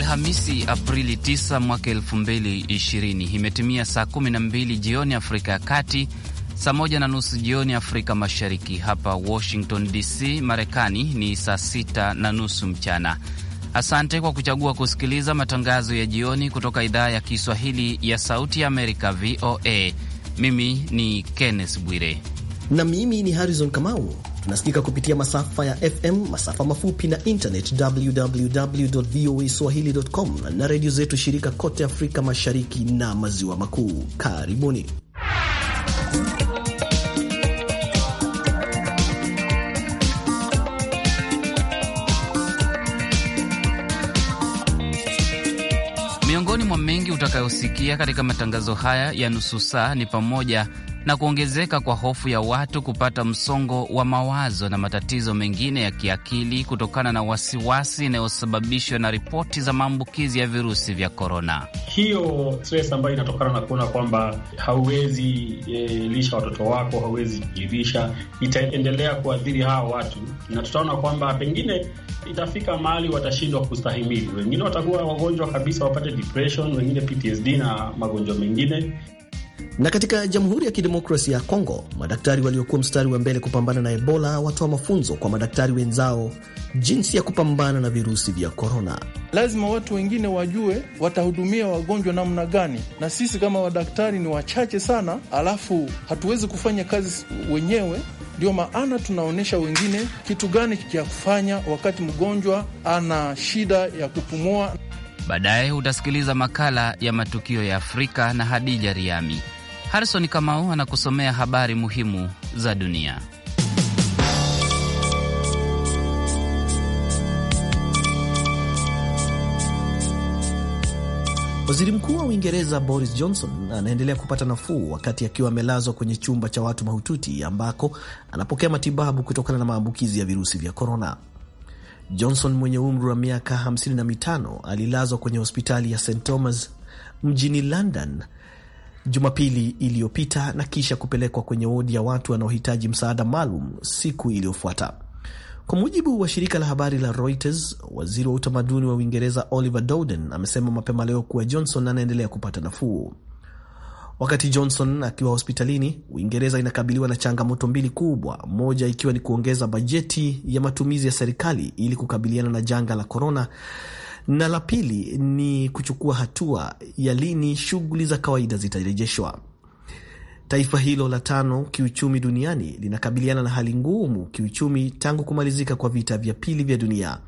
Alhamisi, Aprili 9 mwaka 2020, imetimia saa 12 jioni Afrika ya Kati, saa moja na nusu jioni Afrika Mashariki. Hapa Washington DC, Marekani ni saa sita na nusu mchana. Asante kwa kuchagua kusikiliza matangazo ya jioni kutoka idhaa ya Kiswahili ya Sauti ya Amerika, VOA. Mimi ni Kenneth Bwire na mimi ni Harrison Kamau. Tunasikika kupitia masafa ya FM, masafa mafupi na internet, www voa swahili.com na redio zetu shirika kote Afrika Mashariki na Maziwa Makuu. Karibuni. Miongoni mwa mengi utakayosikia katika matangazo haya ya nusu saa ni pamoja na kuongezeka kwa hofu ya watu kupata msongo wa mawazo na matatizo mengine ya kiakili kutokana na wasiwasi inayosababishwa na ripoti za maambukizi ya virusi vya korona. Hiyo stress ambayo inatokana na kuona kwamba hauwezi e, lisha watoto wako, hauwezi jirisha, itaendelea kuathiri hawa watu, na tutaona kwamba pengine itafika mahali watashindwa kustahimili. Wengine watakuwa wagonjwa kabisa, wapate depression, wengine PTSD na magonjwa mengine na katika Jamhuri ya Kidemokrasia ya Kongo, madaktari waliokuwa mstari wa mbele kupambana na Ebola watoa mafunzo kwa madaktari wenzao jinsi ya kupambana na virusi vya korona. Lazima watu wengine wajue watahudumia wagonjwa namna gani, na sisi kama wadaktari ni wachache sana, alafu hatuwezi kufanya kazi wenyewe. Ndio maana tunaonyesha wengine kitu gani cha kufanya wakati mgonjwa ana shida ya kupumua. Baadaye utasikiliza makala ya matukio ya Afrika na Hadija Riami. Harrison Kamau anakusomea habari muhimu za dunia. Waziri mkuu wa Uingereza Boris Johnson anaendelea kupata nafuu wakati akiwa amelazwa kwenye chumba cha watu mahututi ambako anapokea matibabu kutokana na maambukizi ya virusi vya korona. Johnson mwenye umri wa miaka 55 alilazwa kwenye hospitali ya St Thomas mjini London Jumapili iliyopita na kisha kupelekwa kwenye wodi ya watu wanaohitaji msaada maalum siku iliyofuata. Kwa mujibu wa shirika la habari la Reuters, waziri wa utamaduni wa Uingereza Oliver Dowden amesema mapema leo kuwa Johnson anaendelea kupata nafuu. Wakati Johnson akiwa hospitalini, Uingereza inakabiliwa na changamoto mbili kubwa, moja ikiwa ni kuongeza bajeti ya matumizi ya serikali ili kukabiliana na janga la korona na la pili ni kuchukua hatua ya lini shughuli za kawaida zitarejeshwa. Taifa hilo la tano kiuchumi duniani linakabiliana na hali ngumu kiuchumi tangu kumalizika kwa vita vya pili vya dunia.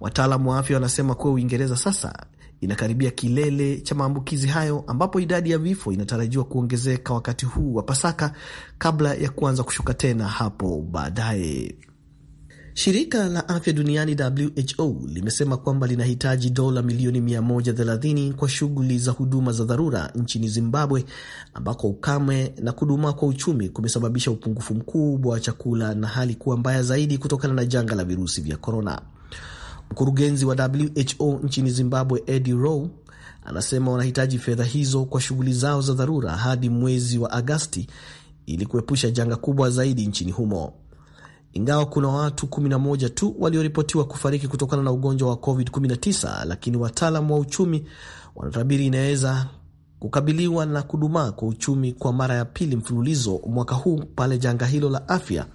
Wataalamu wa afya wanasema kuwa Uingereza sasa inakaribia kilele cha maambukizi hayo ambapo idadi ya vifo inatarajiwa kuongezeka wakati huu wa Pasaka kabla ya kuanza kushuka tena hapo baadaye. Shirika la afya duniani WHO limesema kwamba linahitaji dola milioni 130 kwa shughuli za huduma za dharura nchini Zimbabwe, ambako ukame na kudumaa kwa uchumi kumesababisha upungufu mkubwa wa chakula na hali kuwa mbaya zaidi kutokana na janga la virusi vya korona. Mkurugenzi wa WHO nchini Zimbabwe, Eddie Rowe, anasema wanahitaji fedha hizo kwa shughuli zao za dharura hadi mwezi wa Agasti ili kuepusha janga kubwa zaidi nchini humo ingawa kuna watu 11 tu walioripotiwa kufariki kutokana na ugonjwa wa COVID-19, lakini wataalam wa uchumi wanatabiri inaweza kukabiliwa na kudumaa kwa uchumi kwa mara ya pili mfululizo mwaka huu pale janga hilo la afya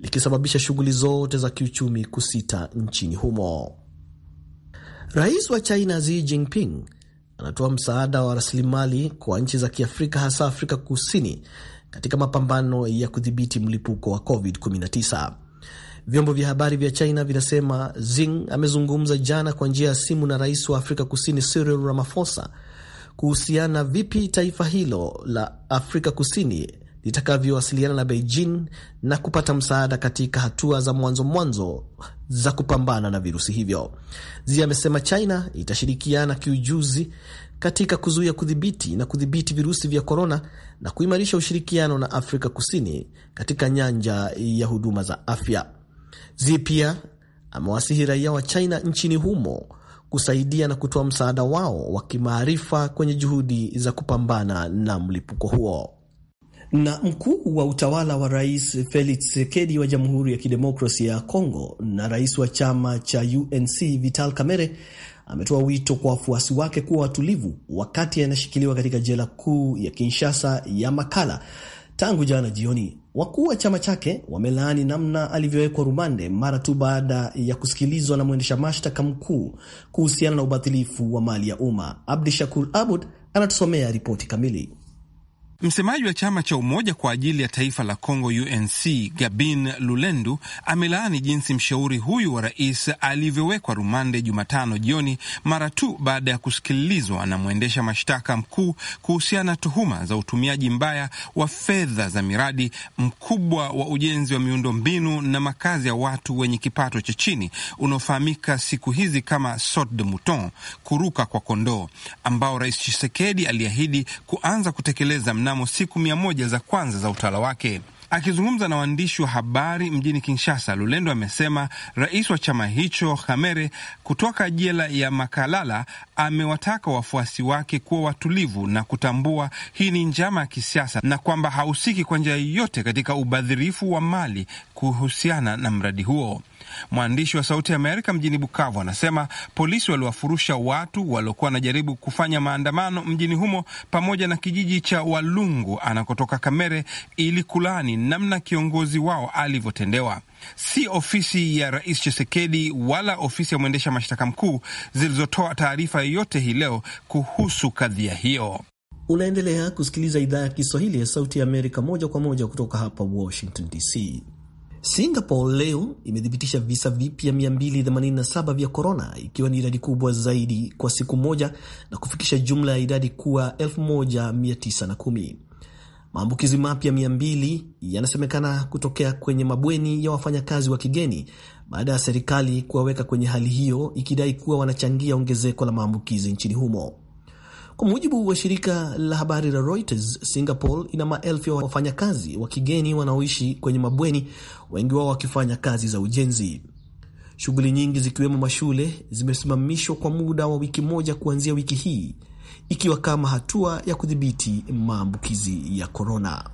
likisababisha shughuli zote za kiuchumi kusita nchini humo. Rais wa China Xi Jinping anatoa msaada wa rasilimali kwa nchi za Kiafrika, hasa Afrika Kusini katika mapambano ya kudhibiti mlipuko wa COVID-19. Vyombo vya habari vya China vinasema Zing amezungumza jana kwa njia ya simu na rais wa Afrika Kusini Cyril Ramaphosa kuhusiana vipi taifa hilo la Afrika Kusini litakavyowasiliana na Beijing na kupata msaada katika hatua za mwanzo mwanzo za kupambana na virusi hivyo. Zi amesema China itashirikiana kiujuzi katika kuzuia, kudhibiti na kudhibiti virusi vya korona na kuimarisha ushirikiano na Afrika Kusini katika nyanja ya huduma za afya. Xi pia amewasihi raia wa China nchini humo kusaidia na kutoa msaada wao wa kimaarifa kwenye juhudi za kupambana na mlipuko huo. Na mkuu wa utawala wa Rais Felix Tshisekedi wa Jamhuri ya Kidemokrasia ya Kongo na rais wa chama cha UNC Vital Kamerhe ametoa wito kwa wafuasi wake kuwa watulivu wakati anashikiliwa katika jela kuu ya Kinshasa ya Makala tangu jana jioni. Wakuu wa chama chake wamelaani namna alivyowekwa rumande mara tu baada ya kusikilizwa na mwendesha mashtaka mkuu kuhusiana na ubadhilifu wa mali ya umma. Abdi Shakur Abud anatusomea ripoti kamili. Msemaji wa chama cha Umoja kwa ajili ya Taifa la congo UNC Gabin Lulendu amelaani jinsi mshauri huyu wa rais alivyowekwa rumande Jumatano jioni mara tu baada ya kusikilizwa na mwendesha mashtaka mkuu kuhusiana na tuhuma za utumiaji mbaya wa fedha za miradi mkubwa wa ujenzi wa miundombinu na makazi ya watu wenye kipato cha chini unaofahamika siku hizi kama sot de mouton, kuruka kwa kondoo, ambao Rais chisekedi aliahidi kuanza kutekeleza mna mnamo siku mia moja za kwanza za utawala wake. Akizungumza na waandishi wa habari mjini Kinshasa, Lulendo amesema rais wa chama hicho Khamere kutoka jela ya Makalala amewataka wafuasi wake kuwa watulivu na kutambua hii ni njama ya kisiasa na kwamba hahusiki kwa njia yoyote katika ubadhirifu wa mali kuhusiana na mradi huo. Mwandishi wa Sauti Amerika mjini Bukavu anasema polisi waliwafurusha watu waliokuwa wanajaribu kufanya maandamano mjini humo pamoja na kijiji cha Walungu anakotoka Kamere ili kulaani namna kiongozi wao alivyotendewa. Si ofisi ya Rais Chisekedi wala ofisi ya mwendesha mashtaka mkuu zilizotoa taarifa yoyote hii leo kuhusu kadhia hiyo. Unaendelea kusikiliza idhaa ya Kiswahili ya Sauti ya Amerika moja kwa moja kutoka hapa Washington DC. Singapore leo imethibitisha visa vipya 287 vya korona, ikiwa ni idadi kubwa zaidi kwa siku moja na kufikisha jumla ya idadi kuwa 1910. Maambukizi mapya 200 yanasemekana kutokea kwenye mabweni ya wafanyakazi wa kigeni baada ya serikali kuwaweka kwenye hali hiyo, ikidai kuwa wanachangia ongezeko la maambukizi nchini humo. Kwa mujibu wa shirika la habari la Reuters, Singapore ina maelfu ya wafanyakazi wa kigeni wanaoishi kwenye mabweni, wengi wao wakifanya kazi za ujenzi. Shughuli nyingi zikiwemo mashule zimesimamishwa kwa muda wa wiki moja kuanzia wiki hii, ikiwa kama hatua ya kudhibiti maambukizi ya korona.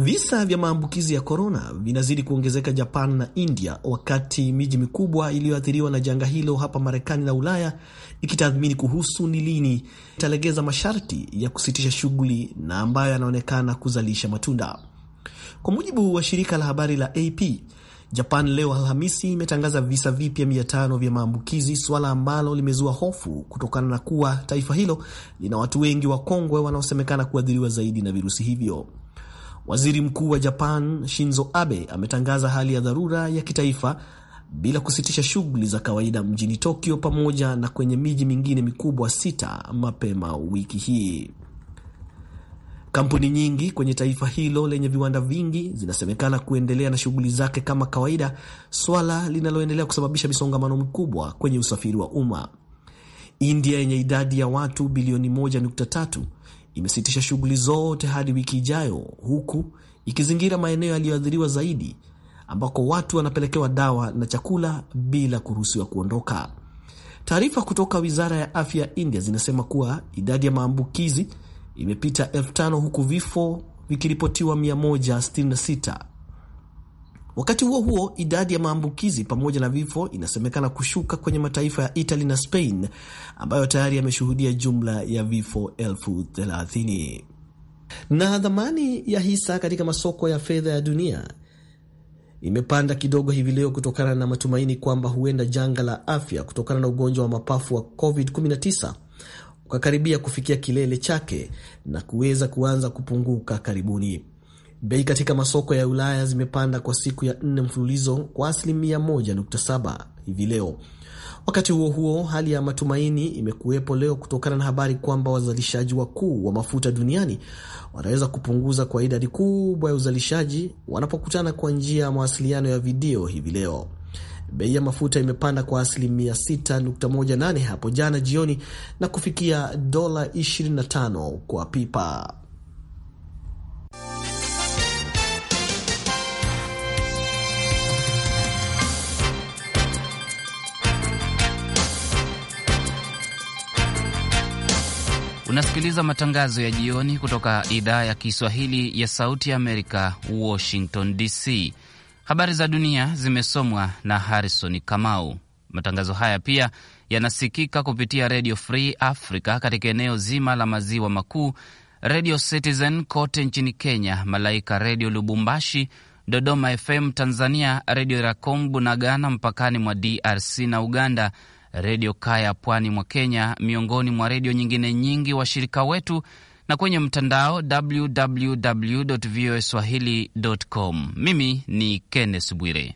Visa vya maambukizi ya korona vinazidi kuongezeka Japan na India, wakati miji mikubwa iliyoathiriwa na janga hilo hapa Marekani na Ulaya ikitathmini kuhusu ni lini italegeza masharti ya kusitisha shughuli na ambayo yanaonekana kuzalisha matunda. Kwa mujibu wa shirika la habari la AP, Japan leo Alhamisi imetangaza visa vipya 5 vya maambukizi, suala ambalo limezua hofu kutokana na kuwa taifa hilo lina watu wengi wakongwe wanaosemekana kuathiriwa zaidi na virusi hivyo. Waziri Mkuu wa Japan Shinzo Abe ametangaza hali ya dharura ya kitaifa bila kusitisha shughuli za kawaida mjini Tokyo pamoja na kwenye miji mingine mikubwa sita mapema wiki hii. Kampuni nyingi kwenye taifa hilo lenye viwanda vingi zinasemekana kuendelea na shughuli zake kama kawaida, swala linaloendelea kusababisha misongamano mikubwa kwenye usafiri wa umma. India yenye idadi ya watu bilioni 1.3 imesitisha shughuli zote hadi wiki ijayo, huku ikizingira maeneo yaliyoathiriwa zaidi ambako watu wanapelekewa dawa na chakula bila kuruhusiwa kuondoka. Taarifa kutoka wizara ya afya ya India zinasema kuwa idadi ya maambukizi imepita elfu tano huku vifo vikiripotiwa 166 Wakati huo huo, idadi ya maambukizi pamoja na vifo inasemekana kushuka kwenye mataifa ya Italy na Spain ambayo tayari yameshuhudia jumla ya vifo elfu thelathini. Na thamani ya hisa katika masoko ya fedha ya dunia imepanda kidogo hivi leo kutokana na matumaini kwamba huenda janga la afya kutokana na ugonjwa wa mapafu wa COVID-19 ukakaribia kufikia kilele chake na kuweza kuanza kupunguka karibuni. Bei katika masoko ya Ulaya zimepanda kwa siku ya nne mfululizo kwa asilimia 1.7 hivi leo. Wakati huo huo, hali ya matumaini imekuwepo leo kutokana na habari kwamba wazalishaji wakuu wa mafuta duniani wanaweza kupunguza kwa idadi kubwa ya uzalishaji wanapokutana kwa njia ya mawasiliano ya video hivi leo. Bei ya mafuta imepanda kwa asilimia 6.18 hapo jana jioni na kufikia dola 25 kwa pipa. Unasikiliza matangazo ya jioni kutoka idhaa ya Kiswahili ya Sauti ya Amerika, Washington DC. Habari za dunia zimesomwa na Harrison Kamau. Matangazo haya pia yanasikika kupitia Redio Free Africa katika eneo zima la maziwa makuu, Redio Citizen kote nchini Kenya, Malaika Redio Lubumbashi, Dodoma FM Tanzania, Redio Rakombu na Ghana mpakani mwa DRC na Uganda, Redio Kaya pwani mwa Kenya, miongoni mwa redio nyingine nyingi washirika wetu, na kwenye mtandao www voa swahili.com. Mimi ni Kenneth Bwire.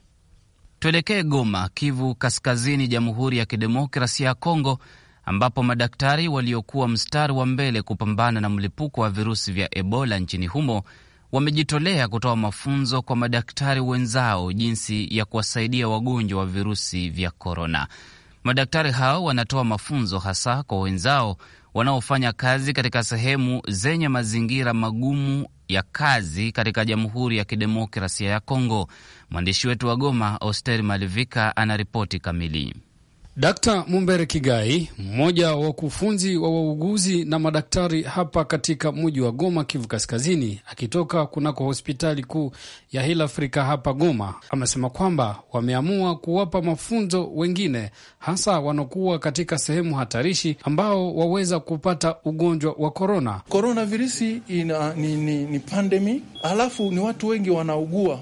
Tuelekee Goma, Kivu Kaskazini, Jamhuri ya Kidemokrasia ya Kongo, ambapo madaktari waliokuwa mstari wa mbele kupambana na mlipuko wa virusi vya Ebola nchini humo wamejitolea kutoa mafunzo kwa madaktari wenzao jinsi ya kuwasaidia wagonjwa wa virusi vya korona. Madaktari hao wanatoa mafunzo hasa kwa wenzao wanaofanya kazi katika sehemu zenye mazingira magumu ya kazi katika Jamhuri ya Kidemokrasia ya Kongo. Mwandishi wetu wa Goma, Oster Malivika, anaripoti kamili. Dkt. Mumbere Kigai, mmoja wa wakufunzi wa wauguzi na madaktari hapa katika mji wa Goma, Kivu Kaskazini, akitoka kunako hospitali kuu ya Hill Africa hapa Goma, amesema kwamba wameamua kuwapa mafunzo wengine, hasa wanaokuwa katika sehemu hatarishi, ambao waweza kupata ugonjwa wa korona. Korona virusi ni, ni, ni pandemi, alafu ni watu wengi wanaugua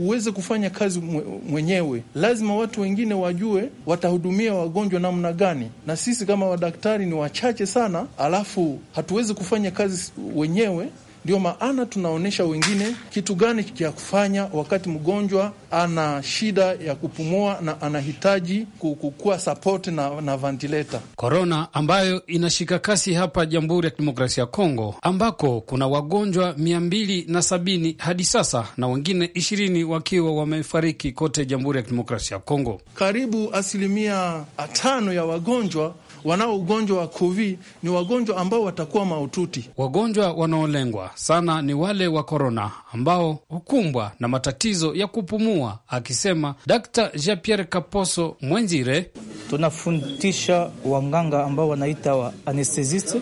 uweze kufanya kazi mwenyewe, lazima watu wengine wajue watahudumia wagonjwa namna gani, na sisi kama wadaktari ni wachache sana, alafu hatuwezi kufanya kazi wenyewe ndio maana tunaonyesha wengine kitu gani cha kufanya wakati mgonjwa ana shida ya kupumua na anahitaji kukuwa sapoti na, na vantileta. Korona ambayo inashika kasi hapa Jamhuri ya Kidemokrasia ya Kongo ambako kuna wagonjwa mia mbili na sabini hadi sasa na wengine ishirini wakiwa wamefariki kote Jamhuri ya Kidemokrasia ya Kongo. Karibu asilimia tano ya wagonjwa wanao ugonjwa wa COVID ni wagonjwa ambao watakuwa maututi Wagonjwa wanaolengwa sana ni wale wa korona ambao hukumbwa na matatizo ya kupumua, akisema dr Jean Pierre Kaposo Mwenzire. Tunafundisha wanganga ambao wanaita wa anestesiste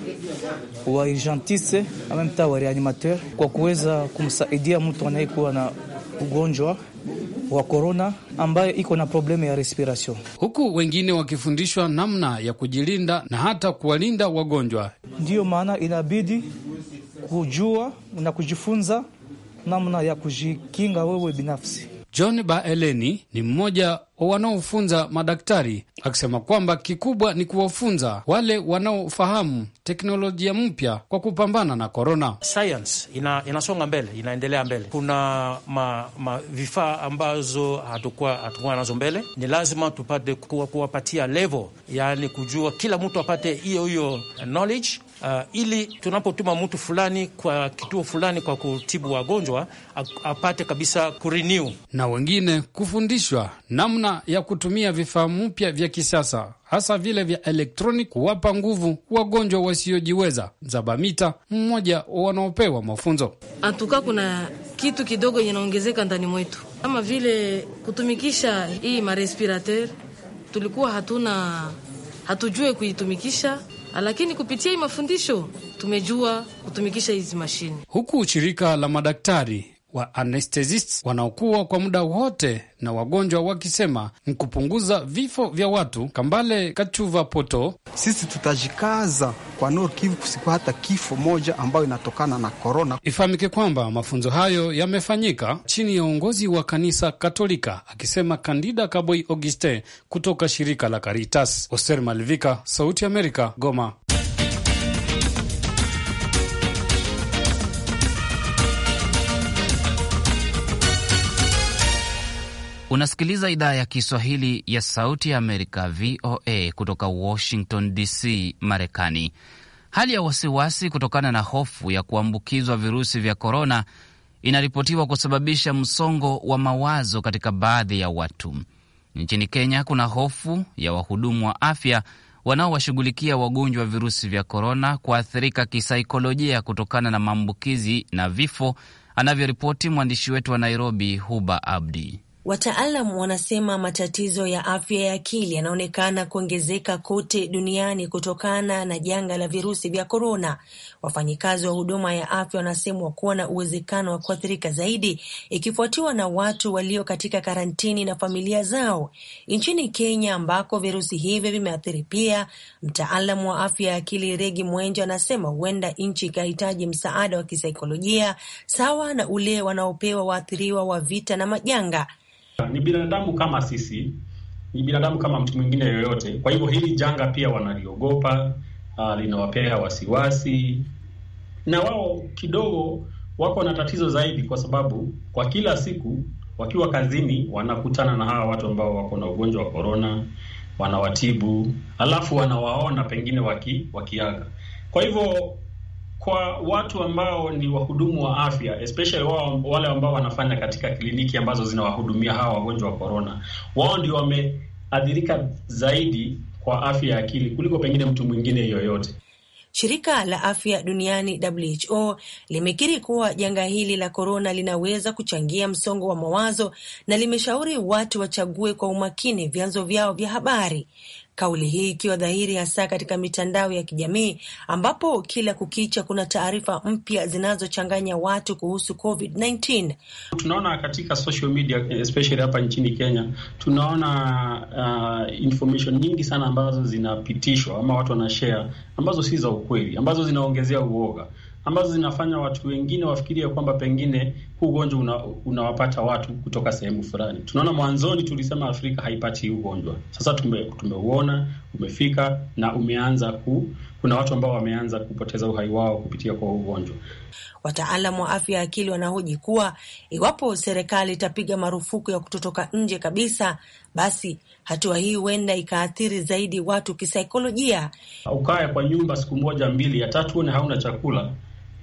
wa urgentiste amemtaa wa reanimateur kwa kuweza kumsaidia mtu anayekuwa na ugonjwa wa korona ambayo iko na problemu ya respiration, huku wengine wakifundishwa namna ya kujilinda na hata kuwalinda wagonjwa. Ndiyo maana inabidi kujua na kujifunza namna ya kujikinga wewe binafsi. John Baeleni ni mmoja wa wanaofunza madaktari akisema kwamba kikubwa ni kuwafunza wale wanaofahamu teknolojia mpya kwa kupambana na korona. Science ina, inasonga mbele, inaendelea mbele. Kuna ma, ma vifaa ambazo hatukuwa hatukuwa nazo mbele. Ni lazima tupate kuwapatia level, yaani kujua kila mtu apate hiyo hiyo knowledge Uh, ili tunapotuma mtu fulani kwa kituo fulani kwa kutibu wagonjwa apate kabisa kurenew, na wengine kufundishwa namna ya kutumia vifaa mpya vya kisasa hasa vile vya elektroni kuwapa nguvu wagonjwa wasiojiweza. Zabamita mmoja wanaopewa mafunzo atuka, kuna kitu kidogo inaongezeka ndani mwetu, kama vile kutumikisha hii marespirateur, tulikuwa hatuna hatujue kuitumikisha lakini kupitia hii mafundisho tumejua kutumikisha hizi mashine. Huku shirika la madaktari wa anesthesist wanaokuwa kwa muda wote na wagonjwa wakisema ni kupunguza vifo vya watu. Kambale Kachuva Poto: sisi tutajikaza kwa Nord Kivu hata kifo moja ambayo inatokana na korona. Ifahamike kwamba mafunzo hayo yamefanyika chini ya uongozi wa kanisa Katolika, akisema Kandida Kaboi Augustin kutoka shirika la Caritas. Oser Malivika, Sauti Amerika, Goma. Unasikiliza idhaa ya Kiswahili ya Sauti ya Amerika, VOA, kutoka Washington DC, Marekani. Hali ya wasiwasi kutokana na hofu ya kuambukizwa virusi vya korona inaripotiwa kusababisha msongo wa mawazo katika baadhi ya watu. Nchini Kenya kuna hofu ya wahudumu wa afya wanaowashughulikia wagonjwa wa virusi vya korona kuathirika kisaikolojia kutokana na maambukizi na vifo, anavyoripoti mwandishi wetu wa Nairobi, Huba Abdi. Wataalam wanasema matatizo ya afya ya akili yanaonekana kuongezeka kote duniani kutokana na janga la virusi vya korona. Wafanyikazi wa huduma ya afya wanasemwa kuwa na uwezekano wa kuathirika zaidi, ikifuatiwa na watu walio katika karantini na familia zao. Nchini Kenya ambako virusi hivyo vimeathiri pia, mtaalamu wa afya ya akili Regi mwenja anasema huenda nchi ikahitaji msaada wa kisaikolojia sawa na ule wanaopewa waathiriwa wa vita na majanga ni binadamu kama sisi, ni binadamu kama mtu mwingine yoyote. Kwa hivyo hili janga pia wanaliogopa, uh, linawapea wasiwasi, na wao kidogo wako na tatizo zaidi, kwa sababu kwa kila siku wakiwa kazini wanakutana na hawa watu ambao wako na ugonjwa wa korona, wanawatibu alafu wanawaona pengine waki, wakiaga. Kwa hivyo kwa watu ambao ni wahudumu wa afya especially wao, wale ambao wanafanya katika kliniki ambazo zinawahudumia hawa wagonjwa wa korona, wao ndio wameathirika zaidi kwa afya ya akili kuliko pengine mtu mwingine yoyote. Shirika la afya duniani WHO limekiri kuwa janga hili la korona linaweza kuchangia msongo wa mawazo na limeshauri watu wachague kwa umakini vyanzo vyao vya habari kauli hii ikiwa dhahiri hasa katika mitandao ya kijamii ambapo kila kukicha kuna taarifa mpya zinazochanganya watu kuhusu COVID-19. Tunaona katika social media especially hapa nchini Kenya, tunaona uh, information nyingi sana ambazo zinapitishwa ama watu wanashare ambazo si za ukweli, ambazo zinaongezea uoga ambazo zinafanya watu wengine wafikirie kwamba pengine huu ugonjwa una, unawapata watu kutoka sehemu fulani. Tunaona mwanzoni tulisema Afrika haipati huu ugonjwa, sasa tumeuona tume umefika na umeanza ku, kuna watu ambao wameanza kupoteza uhai wao kupitia kwa ugonjwa. Wataalam wa afya ya akili wanahoji kuwa iwapo serikali itapiga marufuku ya kutotoka nje kabisa, basi hatua hii huenda ikaathiri zaidi watu kisaikolojia. Ukaya kwa nyumba siku moja mbili ya tatu, na hauna chakula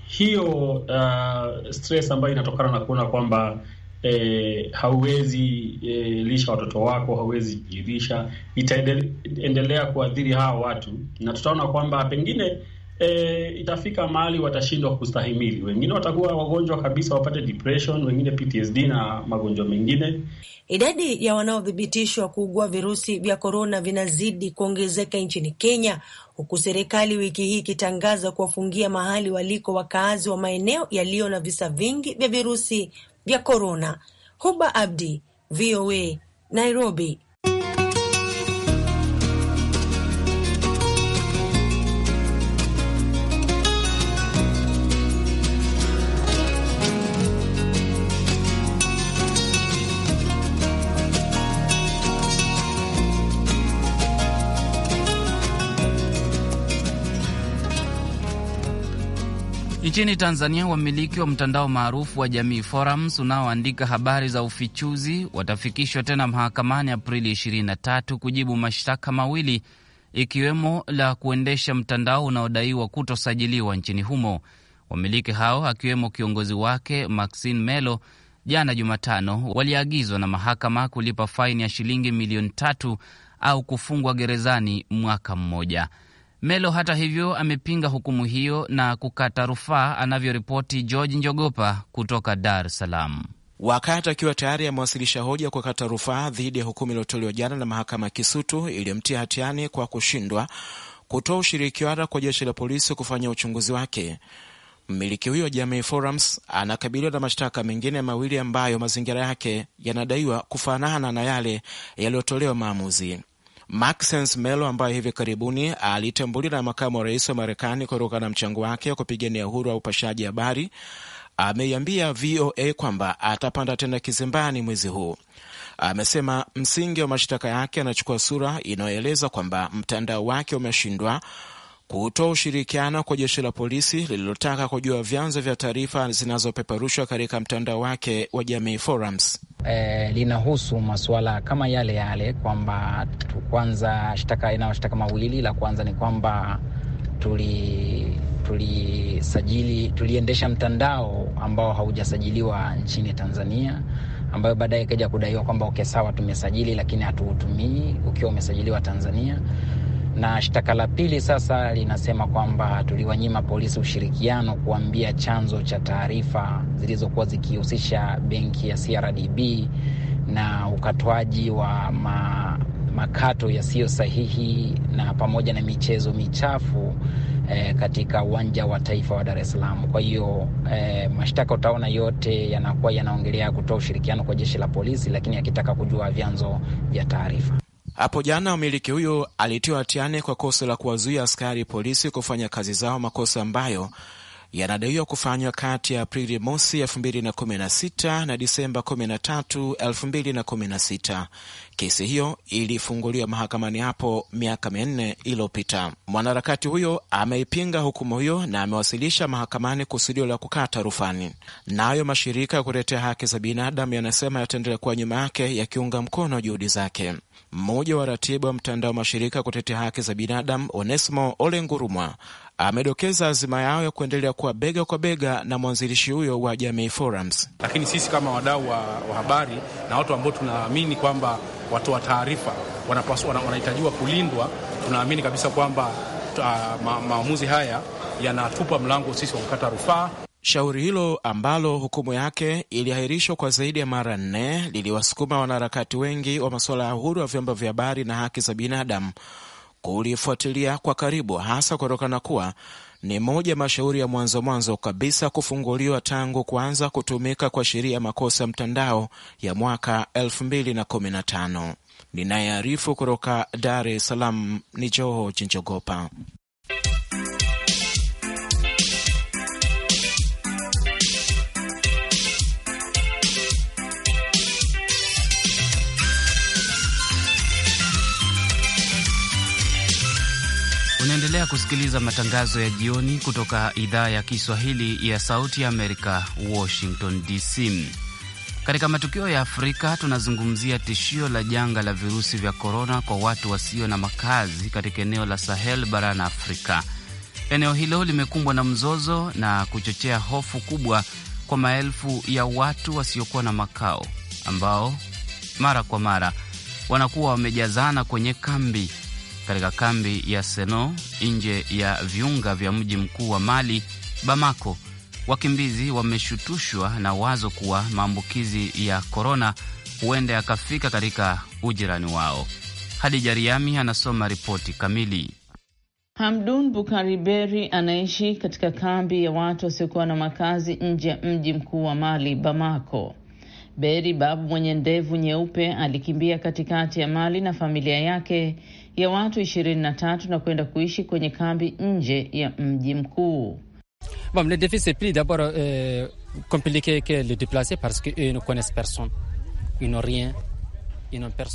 hiyo uh, stress ambayo inatokana na kuona kwamba E, hauwezi e, lisha watoto wako, hauwezi jirisha, itaendelea kuadhiri hawa watu, na tutaona kwamba pengine e, itafika mahali watashindwa kustahimili. Wengine watakuwa wagonjwa kabisa, wapate depression, wengine PTSD na magonjwa mengine. Idadi ya wanaothibitishwa kuugua virusi vya korona vinazidi kuongezeka nchini Kenya, huku serikali wiki hii ikitangaza kuwafungia mahali waliko wakaazi wa maeneo yaliyo na visa vingi vya virusi vya korona. Huba Abdi, VOA, Nairobi. Nchini Tanzania, wamiliki wa mtandao maarufu wa Jamii Forums unaoandika habari za ufichuzi watafikishwa tena mahakamani Aprili 23 kujibu mashtaka mawili ikiwemo la kuendesha mtandao unaodaiwa kutosajiliwa nchini humo. Wamiliki hao akiwemo kiongozi wake Maxine Melo jana Jumatano waliagizwa na mahakama kulipa faini ya shilingi milioni tatu au kufungwa gerezani mwaka mmoja. Melo hata hivyo amepinga hukumu hiyo na kukata rufaa, anavyoripoti George Njogopa kutoka Dar es Salaam. Wakati akiwa tayari amewasilisha hoja kwa kata rufaa dhidi ya hukumu iliyotolewa jana na mahakama ya Kisutu iliyomtia hatiani kwa kushindwa kutoa ushirikiano kwa jeshi la polisi kufanya uchunguzi wake. Mmiliki huyo Jamii Forums anakabiliwa na mashtaka mengine mawili ambayo mazingira yake yanadaiwa kufanana na yale yaliyotolewa maamuzi. Maxence Melo ambaye hivi karibuni alitambuliwa na makamu wa rais wa Marekani kutokana na mchango wake wa kupigania uhuru wa upashaji habari ameiambia VOA kwamba atapanda tena kizimbani mwezi huu. Amesema msingi wa mashtaka yake anachukua sura inayoeleza kwamba mtandao wake umeshindwa kutoa ushirikiano kwa jeshi la polisi lililotaka kujua vyanzo vya taarifa zinazopeperushwa katika mtandao wake wa Jamii Forums eh, linahusu masuala kama yale yale kwamba kwanza shtaka inayoshtaka mawili. La kwanza ni kwamba tulisajili tuli tuliendesha mtandao ambao haujasajiliwa nchini Tanzania ambayo baadaye ikaja kudaiwa kwamba okay, sawa tumesajili, lakini hatuutumii ukiwa umesajiliwa Tanzania na shtaka la pili sasa linasema kwamba tuliwanyima polisi ushirikiano kuambia chanzo cha taarifa zilizokuwa zikihusisha benki ya CRDB na ukatoaji wa ma, makato yasiyo sahihi na pamoja na michezo michafu eh, katika uwanja wa taifa wa Dar es Salaam. Kwa hiyo eh, mashtaka utaona yote yanakuwa yanaongelea kutoa ushirikiano kwa jeshi la polisi, lakini akitaka kujua vyanzo vya taarifa. Hapo jana mmiliki huyo alitiwa hatiani kwa kosa la kuwazuia askari polisi kufanya kazi zao, makosa ambayo yanadaiwa kufanywa kati ya Aprili mosi 2016 na Disemba 13, 2016. Kesi hiyo ilifunguliwa mahakamani hapo miaka minne iliyopita. Mwanaharakati huyo ameipinga hukumu hiyo na amewasilisha mahakamani kusudio la kukata rufani. Nayo mashirika ya kutetea haki za binadamu yanasema yataendelea kuwa nyuma yake yakiunga mkono juhudi zake. Mmoja wa ratibu wa mtandao wa mashirika ya kutetea haki za binadamu Onesimo Ole Ngurumwa amedokeza azima yao ya kuendelea kuwa bega kwa bega na mwanzilishi huyo wa Jamii Forums. Lakini sisi kama wadau wa, wa habari na watu ambao tunaamini kwamba watoa taarifa wanapaswa, wanahitajiwa kulindwa. Tunaamini kabisa kwamba uh, ma, maamuzi haya yanatupa mlango sisi wa kukata rufaa. Shauri hilo ambalo hukumu yake iliahirishwa kwa zaidi ya mara nne liliwasukuma wanaharakati wengi wa masuala ya uhuru wa vyombo vya habari na haki za binadamu kulifuatilia kwa karibu, hasa kutokana kuwa ni moja mashauri ya mwanzo mwanzo kabisa kufunguliwa tangu kuanza kutumika kwa sheria ya makosa mtandao ya mwaka 2015. Ninayearifu kutoka Dar es Salaam ni Joho Chinjogopa. Unaendelea kusikiliza matangazo ya jioni kutoka idhaa ya Kiswahili ya Sauti ya Amerika, Washington DC. Katika matukio ya Afrika tunazungumzia tishio la janga la virusi vya korona kwa watu wasio na makazi katika eneo la Sahel barani Afrika. Eneo hilo limekumbwa na mzozo na kuchochea hofu kubwa kwa maelfu ya watu wasiokuwa na makao ambao mara kwa mara wanakuwa wamejazana kwenye kambi katika kambi ya Seno nje ya viunga vya mji mkuu wa Mali, Bamako. Wakimbizi wameshutushwa na wazo kuwa maambukizi ya korona huenda yakafika katika ujirani wao. Hadija Riami anasoma ripoti kamili. Hamdun Bukari Beri anaishi katika kambi ya watu wasiokuwa na makazi nje ya mji mkuu wa Mali, Bamako. Beri Babu mwenye ndevu nyeupe alikimbia katikati ya Mali na familia yake ya watu ishirini na kwenda kuishi kwenye kambi nje ya mji mkuu. Euh,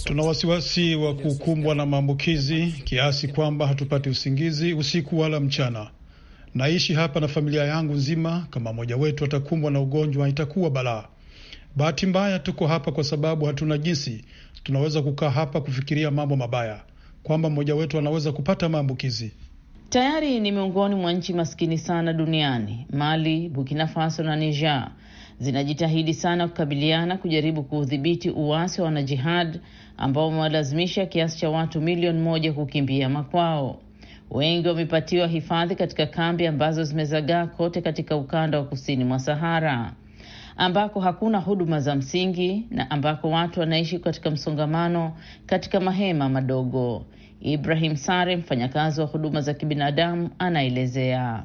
Tuna wasiwasi wa kukumbwa na maambukizi kiasi kwamba hatupati usingizi usiku wala mchana. Naishi hapa na familia yangu nzima, kama mmoja wetu atakumbwa na ugonjwa itakuwa balaa. Bahati mbaya tuko hapa kwa sababu hatuna jinsi. Tunaweza kukaa hapa kufikiria mambo mabaya kwamba mmoja wetu anaweza kupata maambukizi. Tayari ni miongoni mwa nchi maskini sana duniani. Mali, Burkina Faso na Niger zinajitahidi sana kukabiliana, kujaribu kuudhibiti uwasi wa wanajihad ambao wamewalazimisha kiasi cha watu milioni moja kukimbia makwao. Wengi wamepatiwa hifadhi katika kambi ambazo zimezagaa kote katika ukanda wa kusini mwa Sahara ambako hakuna huduma za msingi na ambako watu wanaishi katika msongamano katika mahema madogo. Ibrahim Sare, mfanyakazi wa huduma za kibinadamu, anaelezea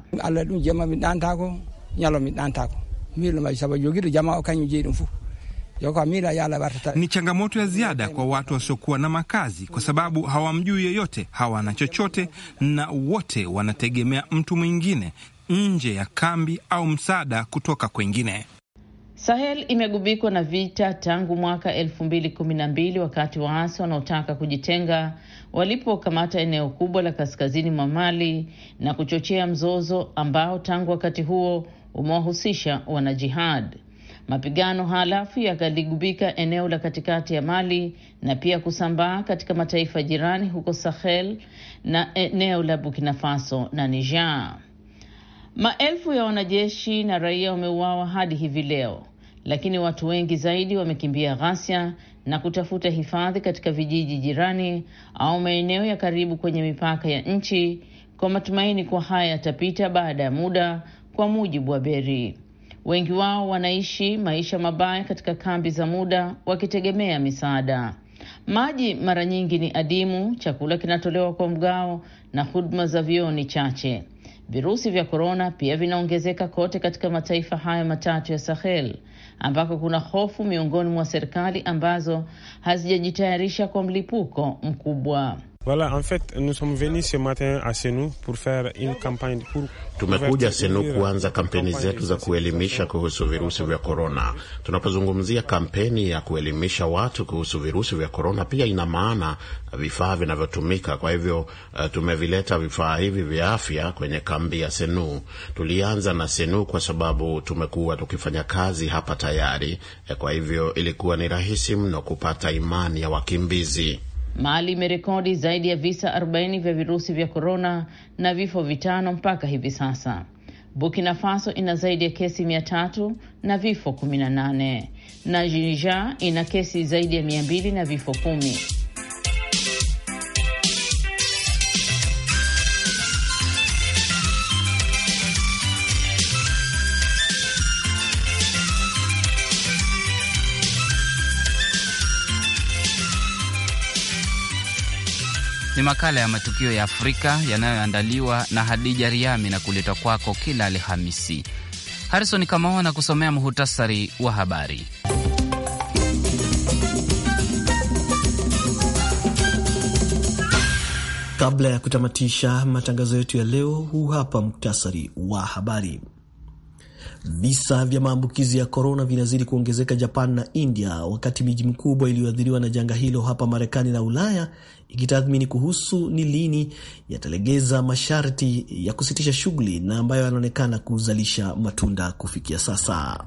ni changamoto ya ziada kwa watu wasiokuwa na makazi, kwa sababu hawamjui yeyote, hawana chochote, na wote wanategemea mtu mwingine nje ya kambi au msaada kutoka kwengine. Sahel imegubikwa na vita tangu mwaka elfu mbili kumi na mbili wakati waasi wanaotaka kujitenga walipokamata eneo kubwa la kaskazini mwa Mali na kuchochea mzozo ambao tangu wakati huo umewahusisha wanajihad. Mapigano halafu yakaligubika eneo la katikati ya Mali na pia kusambaa katika mataifa jirani huko Sahel na eneo la Burkina Faso na Niger. Maelfu ya wanajeshi na raia wameuawa hadi hivi leo, lakini watu wengi zaidi wamekimbia ghasia na kutafuta hifadhi katika vijiji jirani au maeneo ya karibu kwenye mipaka ya nchi kwa matumaini kwa haya yatapita baada ya muda, kwa mujibu wa Beri. Wengi wao wanaishi maisha mabaya katika kambi za muda wakitegemea misaada. Maji mara nyingi ni adimu, chakula kinatolewa kwa mgao na huduma za vyoo ni chache. Virusi vya korona pia vinaongezeka kote katika mataifa hayo matatu ya Sahel ambako kuna hofu miongoni mwa serikali ambazo hazijajitayarisha kwa mlipuko mkubwa. Voilà, en fait, nous sommes venus ce matin à Senu pour faire une campagne pour Tumekuja Senu kuanza kampeni zetu za kuelimisha kuhusu virusi vya korona. Tunapozungumzia kampeni ya kuelimisha watu kuhusu virusi vya korona, pia ina maana vifaa vinavyotumika. Kwa hivyo uh, tumevileta vifaa hivi vya afya kwenye kambi ya Senu. Tulianza na Senu kwa sababu tumekuwa tukifanya kazi hapa tayari, eh, kwa hivyo ilikuwa ni rahisi mno kupata imani ya wakimbizi. Mali imerekodi zaidi ya visa 40 vya virusi vya korona na vifo vitano mpaka hivi sasa. Burkina Faso ina zaidi ya kesi 300 na vifo 18 na Niger ina kesi zaidi ya 200 na vifo kumi. ni makala ya matukio ya Afrika yanayoandaliwa na Hadija Riami na kuletwa kwako kila Alhamisi. harison Kamau anakusomea muhutasari wa habari. Kabla ya kutamatisha matangazo yetu ya leo, huu hapa muktasari wa habari. Visa vya maambukizi ya korona vinazidi kuongezeka Japan na India, wakati miji mikubwa iliyoathiriwa na janga hilo hapa Marekani na Ulaya ikitathmini kuhusu ni lini yatalegeza masharti ya kusitisha shughuli na ambayo yanaonekana kuzalisha matunda kufikia sasa.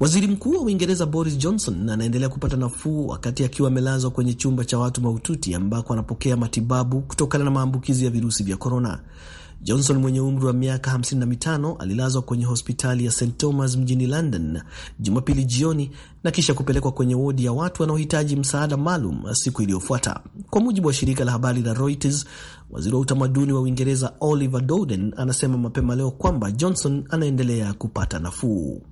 Waziri Mkuu wa Uingereza Boris Johnson anaendelea kupata nafuu wakati akiwa amelazwa kwenye chumba cha watu mahututi ambako anapokea matibabu kutokana na maambukizi ya virusi vya korona. Johnson mwenye umri wa miaka 55 alilazwa kwenye hospitali ya St Thomas mjini London Jumapili jioni na kisha kupelekwa kwenye wodi ya watu wanaohitaji msaada maalum siku iliyofuata, kwa mujibu wa shirika la habari la Reuters. Waziri wa utamaduni wa Uingereza Oliver Dowden anasema mapema leo kwamba Johnson anaendelea kupata nafuu.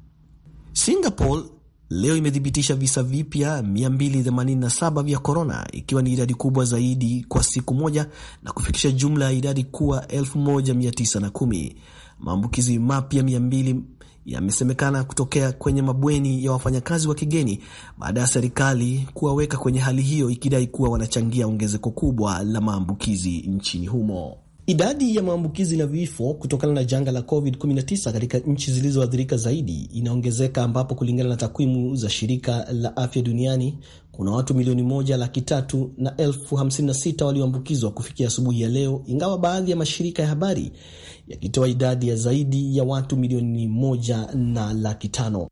Singapore leo imethibitisha visa vipya 287 vya korona, ikiwa ni idadi kubwa zaidi kwa siku moja na kufikisha jumla ya idadi kuwa 1910. Maambukizi mapya 200 yamesemekana kutokea kwenye mabweni ya wafanyakazi wa kigeni baada ya serikali kuwaweka kwenye hali hiyo, ikidai kuwa wanachangia ongezeko kubwa la maambukizi nchini humo. Idadi ya maambukizi na vifo kutokana na janga la COVID-19 katika nchi zilizoathirika zaidi inaongezeka ambapo kulingana na takwimu za shirika la afya duniani kuna watu milioni moja laki tatu na elfu hamsini na sita walioambukizwa kufikia asubuhi ya leo, ingawa baadhi ya mashirika ya habari yakitoa idadi ya zaidi ya watu milioni moja na laki tano.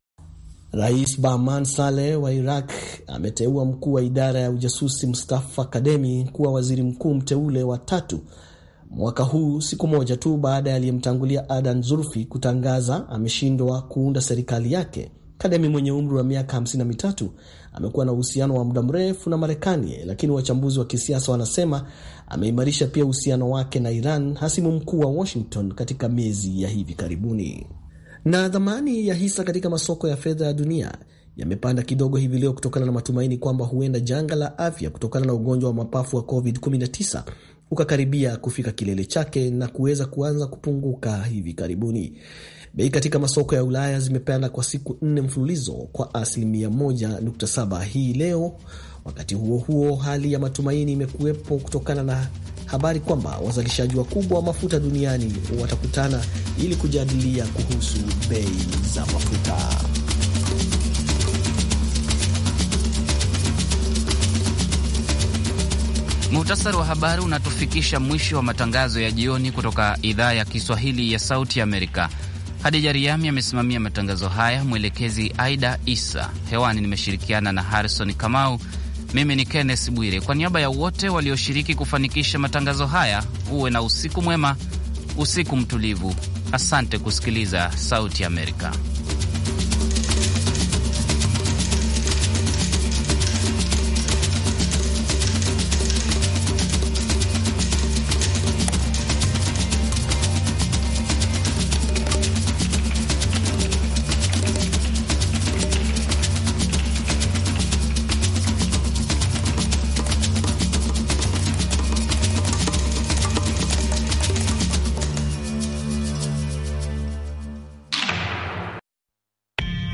Rais Bahman Saleh wa Iraq ameteua mkuu wa idara ya ujasusi Mustafa Kademi kuwa waziri mkuu mteule wa tatu mwaka huu, siku moja tu baada ya aliyemtangulia Adan Zurfi kutangaza ameshindwa kuunda serikali yake. Kademi mwenye umri wa miaka 53 amekuwa na uhusiano wa muda mrefu na Marekani, lakini wachambuzi wa kisiasa wanasema ameimarisha pia uhusiano wake na Iran, hasimu mkuu wa Washington, katika miezi ya hivi karibuni. Na dhamani ya hisa katika masoko ya fedha ya dunia yamepanda kidogo hivi leo kutokana na matumaini kwamba huenda janga la afya kutokana na ugonjwa wa mapafu wa COVID-19 ukakaribia kufika kilele chake na kuweza kuanza kupunguka hivi karibuni. Bei katika masoko ya Ulaya zimepanda kwa siku nne mfululizo kwa asilimia 1.7 hii leo. Wakati huo huo, hali ya matumaini imekuwepo kutokana na habari kwamba wazalishaji wakubwa wa mafuta duniani watakutana ili kujadilia kuhusu bei za mafuta. Muhtasari wa habari unatufikisha mwisho wa matangazo ya jioni kutoka idhaa ya Kiswahili ya Sauti Amerika. Hadija Riami amesimamia matangazo haya, mwelekezi Aida Isa. Hewani nimeshirikiana na Harrison Kamau. Mimi ni Kenneth Bwire, kwa niaba ya wote walioshiriki kufanikisha matangazo haya, uwe na usiku mwema, usiku mtulivu. Asante kusikiliza Sauti Amerika.